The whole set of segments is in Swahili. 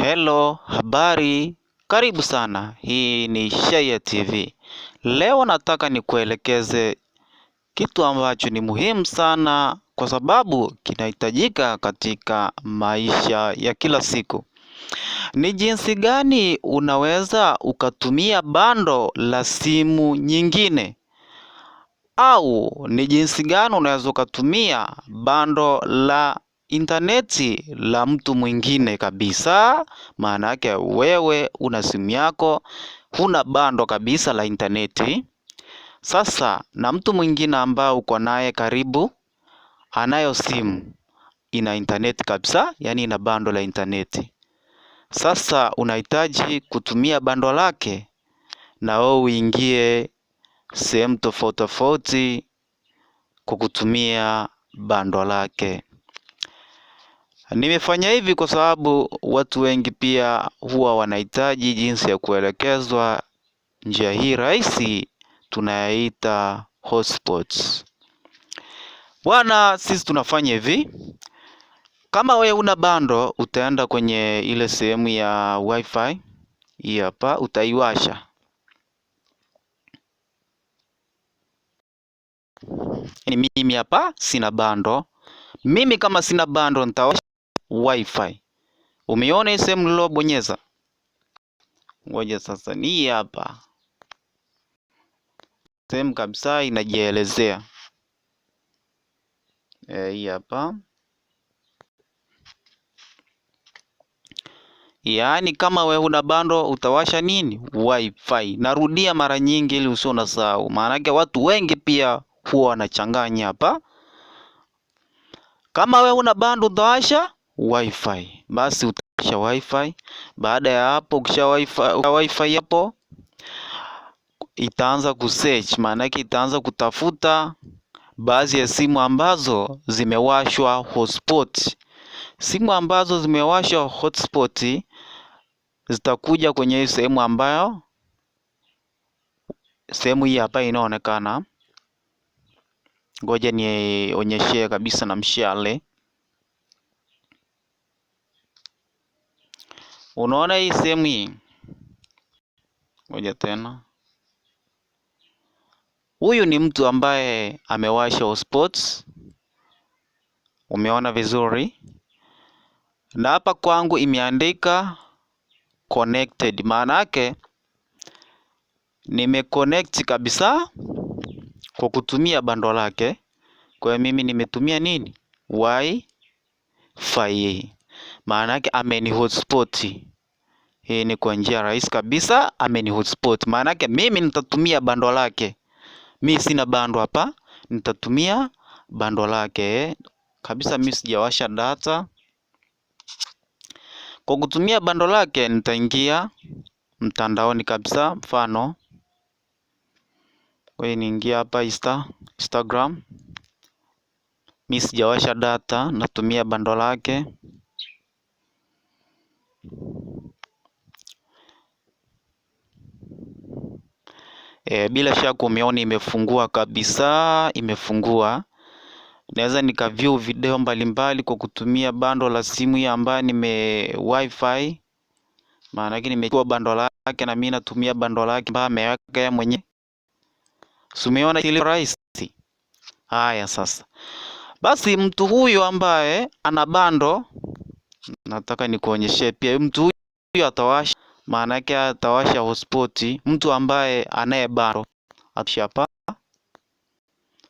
Hello, habari, karibu sana. Hii ni Shayia TV. Leo nataka nikuelekeze kitu ambacho ni muhimu sana kwa sababu kinahitajika katika maisha ya kila siku. Ni jinsi gani unaweza ukatumia bando la simu nyingine au ni jinsi gani unaweza ukatumia bando la intaneti la mtu mwingine kabisa, maana yake wewe una simu yako, huna bando kabisa la intaneti. Sasa na mtu mwingine ambao uko naye karibu anayo simu ina intaneti kabisa, yaani ina bando la intaneti. Sasa unahitaji kutumia bando lake, na wewe uingie sehemu tofauti tofauti kwa kutumia bando lake. Nimefanya hivi kwa sababu watu wengi pia huwa wanahitaji jinsi ya kuelekezwa njia hii rahisi tunayaita hotspots. Bwana, sisi tunafanya hivi. Kama wewe una bando, utaenda kwenye ile sehemu ya wifi hii hapa, utaiwasha. Mimi hapa sina bando, mimi kama sina bando nitawasha wifi. Umeona hii sehemu nilobonyeza? Ngoja sasa ni hapa sehemu kabisa inajielezea eh, hii hapa yaani kama we una bando utawasha nini wifi. Narudia mara nyingi ili usio nasahau, maanake watu wengi pia huwa wanachanganya hapa. Kama we una bando utawasha wifi. Basi utawasha wifi. Baada ya hapo, ukisha wifi, wifi hapo itaanza kusearch, yake itaanza kutafuta baadhi ya simu ambazo zimewashwa hotspot. Simu ambazo zimewashwa hotspot zitakuja kwenye sehemu ambayo sehemu hii hapa inaonekana. Ngoja nionyeshee kabisa na mshale Unaona hii sehemu hii? Ngoja tena. Huyu ni mtu ambaye amewasha hotspots. Umeona vizuri, na hapa kwangu imeandika connected, maana yake nimeconnect kabisa kwa kutumia bando lake. Kwa hiyo mimi nimetumia nini? Wifi, maana yake ameni hotspoti. Hii e, ni kwa njia rahisi kabisa, ameni hotspot. Maana yake mimi nitatumia bando lake, mi sina bando hapa, nitatumia bando lake kabisa. Mi sijawasha data. Kwa kutumia bando lake nitaingia mtandaoni kabisa, mfano kwa niingia hapa Insta, Instagram. Mi sijawasha data, natumia bando lake. E, bila shaka umeona imefungua kabisa, imefungua. Naweza view video mbalimbali mbali kwa kutumia bando la simu ya ambayo nime wifi, maana yake nimekuwa bando lake na mimi natumia bando lake ambayo ameweka yeye mwenyewe. Umeona ile rahisi. Haya sasa. Basi mtu huyu ambaye ana bando nataka nikuonyeshe pia mtu huyu atawasha yake atawasha hotspot mtu ambaye anaye baro akisha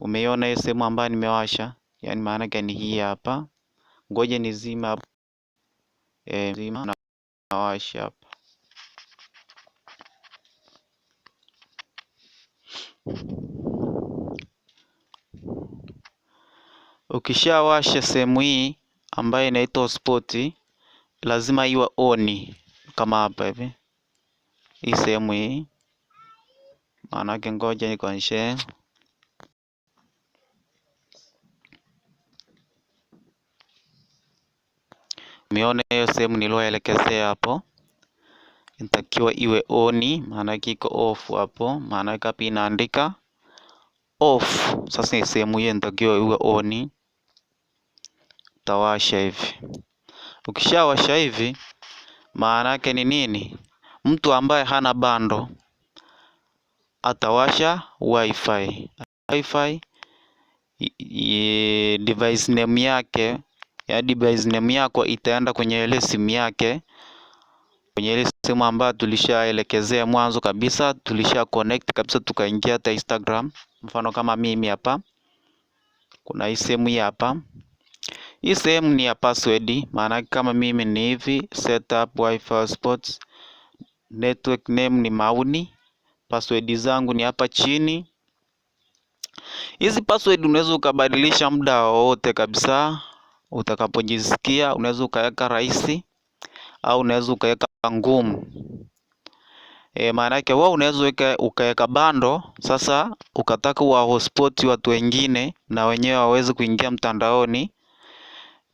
umeiona hiyo sehemu ambayo nimewasha yani maanake ni hii hapa ngoje nizima e, zima nawasha hapa ukishawasha sehemu hii ambayo inaitwa hotspot lazima iwe oni kama hapa hivi hii sehemu hii maanake ngoja nikuonyeshe mione hiyo sehemu nilioelekezea hapo inatakiwa iwe oni maanake iko off hapo maanake hapa inaandika off sasa sehemu hiyo inatakiwa iwe oni tawasha hivi ukishawasha hivi maana yake ni nini? Mtu ambaye hana bando atawasha wifi. Wifi device name yake ya device name yako itaenda kwenye ile simu yake, kwenye ile simu ambayo tulishaelekezea mwanzo kabisa, tulisha connect kabisa, tukaingia hata Instagram. Mfano kama mimi hapa, kuna hii simu hii hapa. Hii sehemu ni ya password maana kama mimi ni hivi setup wifi hotspots network name ni mauni password zangu ni hapa chini hizi password unaweza ukabadilisha muda wowote kabisa utakapojisikia unaweza ukaweka rahisi au unaweza ukaweka ngumu e, yake wewe unaweza ukaweka bando sasa ukataka wa hotspot watu wengine na wenyewe waweze kuingia mtandaoni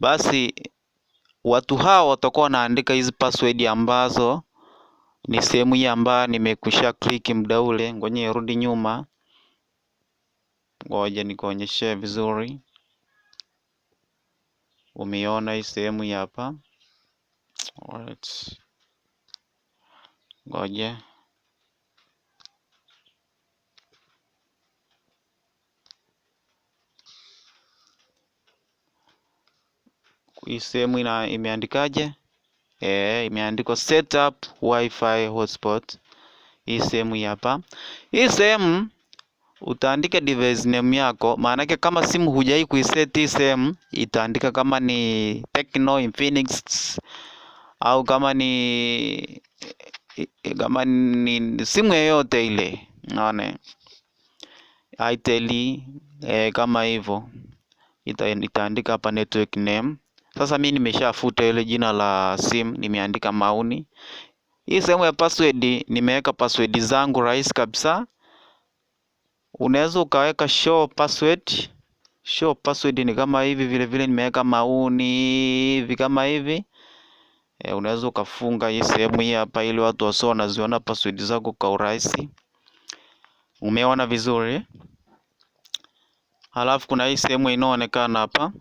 basi watu hao watakuwa wanaandika hizi password ambazo ni sehemu hii ambayo nimekusha click muda ule. Ngoja irudi nyuma, ngoja nikuonyeshe vizuri. umeona hii sehemu hii hapa, alright, ngoja hii sehemu ina imeandikaje? Eh, imeandikwa setup wifi hotspot. Hii sehemu hapa, hii sehemu utaandika device name yako, maanake kama simu hujai kuiset hii sehemu itaandika kama ni Tecno Infinix au kama ni kama ni simu yoyote ile, naona Itel eh, kama hivyo itaandika hapa network name sasa mi nimeshafuta ile jina la sim nimeandika mauni. Hii sehemu ya password nimeweka password zangu rahisi kabisa. Unaweza ukaweka show password. Show password ni kama hivi vile vile nimeweka mauni hivi kama hivi. E, eh, unaweza ukafunga hii sehemu hii hapa ili watu wasio wanaziona password zako kwa urahisi. Umeona vizuri? Halafu kuna hii sehemu inayoonekana hapa.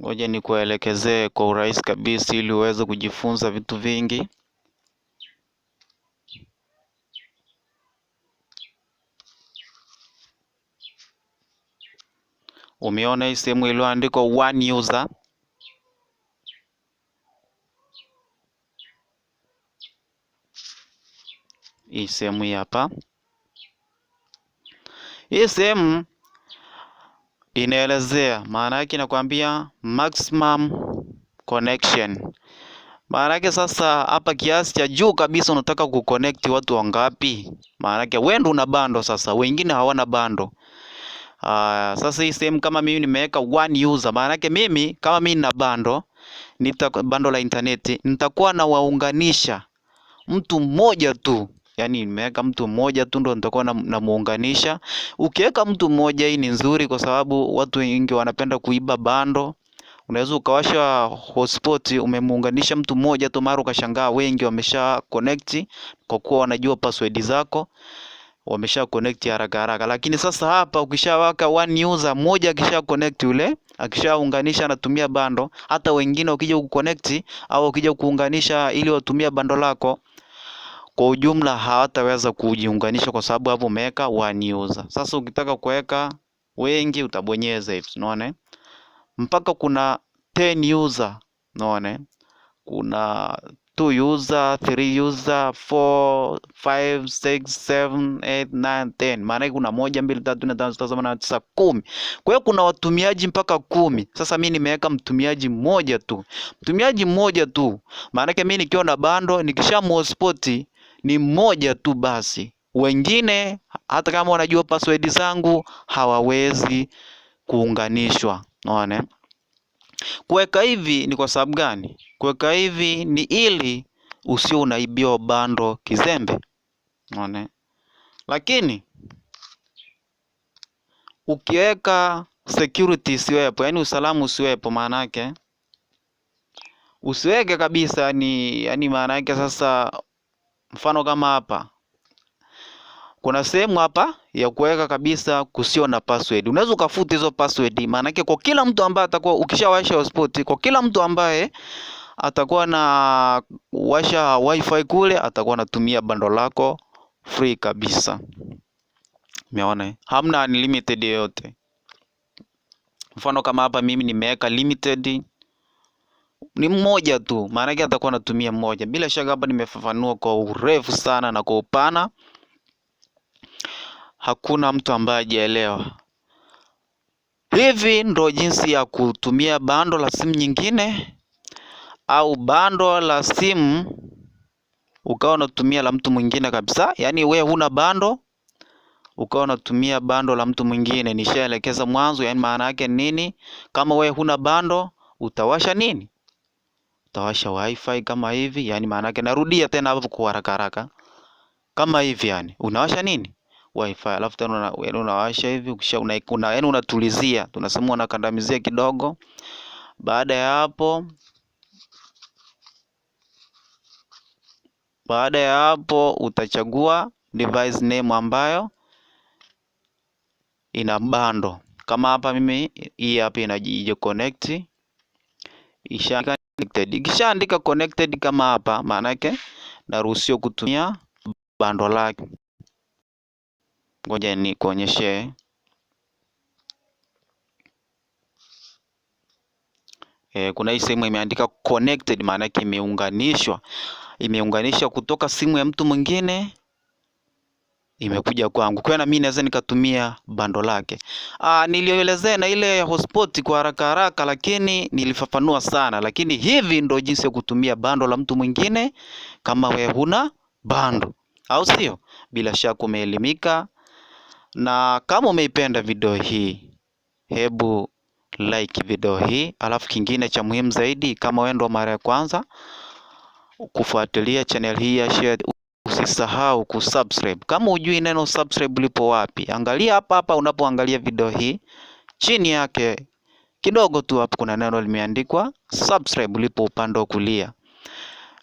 Ngoja nikuelekezee kwa urahisi kabisa ili uweze kujifunza vitu vingi. Umeona hii sehemu iliyoandikwa one user. Hii sehemu hii hapa, hii sehemu inaelezea maana yake inakwambia maximum connection. Maana yake sasa, hapa kiasi cha juu kabisa unataka kuconnect watu wangapi? Maana yake wewe ndio una bando sasa, wengine hawana bando. Uh, sasa hii sehemu kama mimi nimeweka one user, maana yake mimi kama mimi nina bando nita bando la interneti nitakuwa nawaunganisha mtu mmoja tu yani nimeweka mtu mmoja tu ndo nitakuwa namuunganisha na ukiweka mtu mmoja hii ni nzuri kwa sababu watu wengi wanapenda kuiba bando unaweza ukawasha hotspot umemuunganisha mtu mmoja tu mara ukashangaa wengi wamesha connect kwa kuwa wanajua password zako wamesha connect haraka haraka lakini sasa hapa ukishawaka one user mmoja akisha connect yule akishaunganisha anatumia bando hata wengine ukija kuconnect au ukija kuunganisha ili watumia bando lako kwa ujumla hawataweza kujiunganisha kwa sababu hapo umeweka one user. Sasa ukitaka kuweka wengi utabonyeza hivi, unaona? Mpaka kuna 10 user, unaona? Kuna 2 user, 3 user, 4, 5, 6, 7, 8, 9, 10. Maana kuna moja, mbili, tatu, nne, tano, sita, saba, nane, tisa, kumi. Kwa hiyo kuna watumiaji mpaka kumi. Sasa mimi nimeweka mtumiaji mmoja tu. Mtumiaji mmoja tu. Maana yake mimi nikiwa na bando nikisha mhotspot ni mmoja tu basi. Wengine hata kama wanajua password zangu hawawezi kuunganishwa. Unaona, kuweka hivi ni kwa sababu gani? Kuweka hivi ni ili usio unaibiwa bando kizembe. Unaona, lakini ukiweka security isiwepo, yani usalama usiwepo, maana yake usiweke kabisa, yani yani maana yake sasa Mfano kama hapa kuna sehemu hapa ya kuweka kabisa kusio na password. Unaweza ukafuta hizo password, maanake kwa kila mtu ambaye atakuwa ukishawasha hotspot, kwa kila mtu ambaye atakuwa na washa wifi kule atakuwa anatumia bando lako free kabisa. Umeona, hamna unlimited yoyote. Mfano kama hapa mimi nimeweka limited ni mmoja tu, maana yake atakuwa anatumia mmoja. Bila shaka hapa nimefafanua kwa urefu sana na kwa upana, hakuna mtu ambaye hajaelewa. Hivi ndo jinsi ya kutumia bando la simu nyingine au bando la simu ukawa unatumia la mtu mwingine kabisa, yaani we huna bando ukawa unatumia bando la mtu mwingine. Nishaelekeza mwanzo, yaani maana yake nini? Kama we huna bando utawasha nini? tawasha wifi kama hivi yani, yake narudia tena hapo kwa haraka haraka kama hivi yani, unawasha nini wifi, alafu tena unawasha hivi, ukisha una, una, yani unatulizia, tunasema unakandamizia kidogo. Baada ya hapo baada ya hapo utachagua device name ambayo ina bando kama hapa mimi hii hapa inaji isha connected. Ikishaandika connected kama hapa, maana yake naruhusiwa kutumia bando lake. Ngoja ni E, eh, kuna hii sehemu imeandika connected, maana yake imeunganishwa, imeunganishwa kutoka simu ya mtu mwingine imekuja kwangu. Kwa hiyo na mimi naweza nikatumia bando lake. Ah, nilielezea na ile hotspot kwa haraka haraka, lakini nilifafanua sana, lakini hivi ndio jinsi ya kutumia bando la mtu mwingine kama wewe huna bando, au sio? Bila shaka umeelimika, na kama umeipenda video hii, hebu like video hii. Alafu kingine cha muhimu zaidi, kama wewe ndo mara ya kwanza kufuatilia channel hii ya share Usisahau kusubscribe. Kama hujui neno subscribe lipo wapi, angalia hapa hapa unapoangalia video hii, chini yake kidogo tu hapo kuna neno limeandikwa subscribe, lipo upande wa kulia.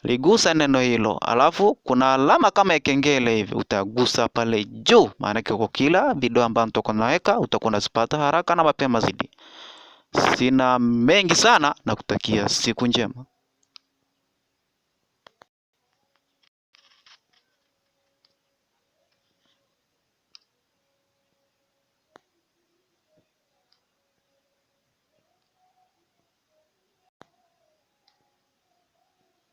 Ligusa neno hilo, alafu kuna alama kama ya kengele hivi, utagusa pale juu, maanake kwa kila video ambayo nitakuwa naweka utakuwa unazipata haraka na mapema zaidi. Sina mengi sana na kutakia siku njema.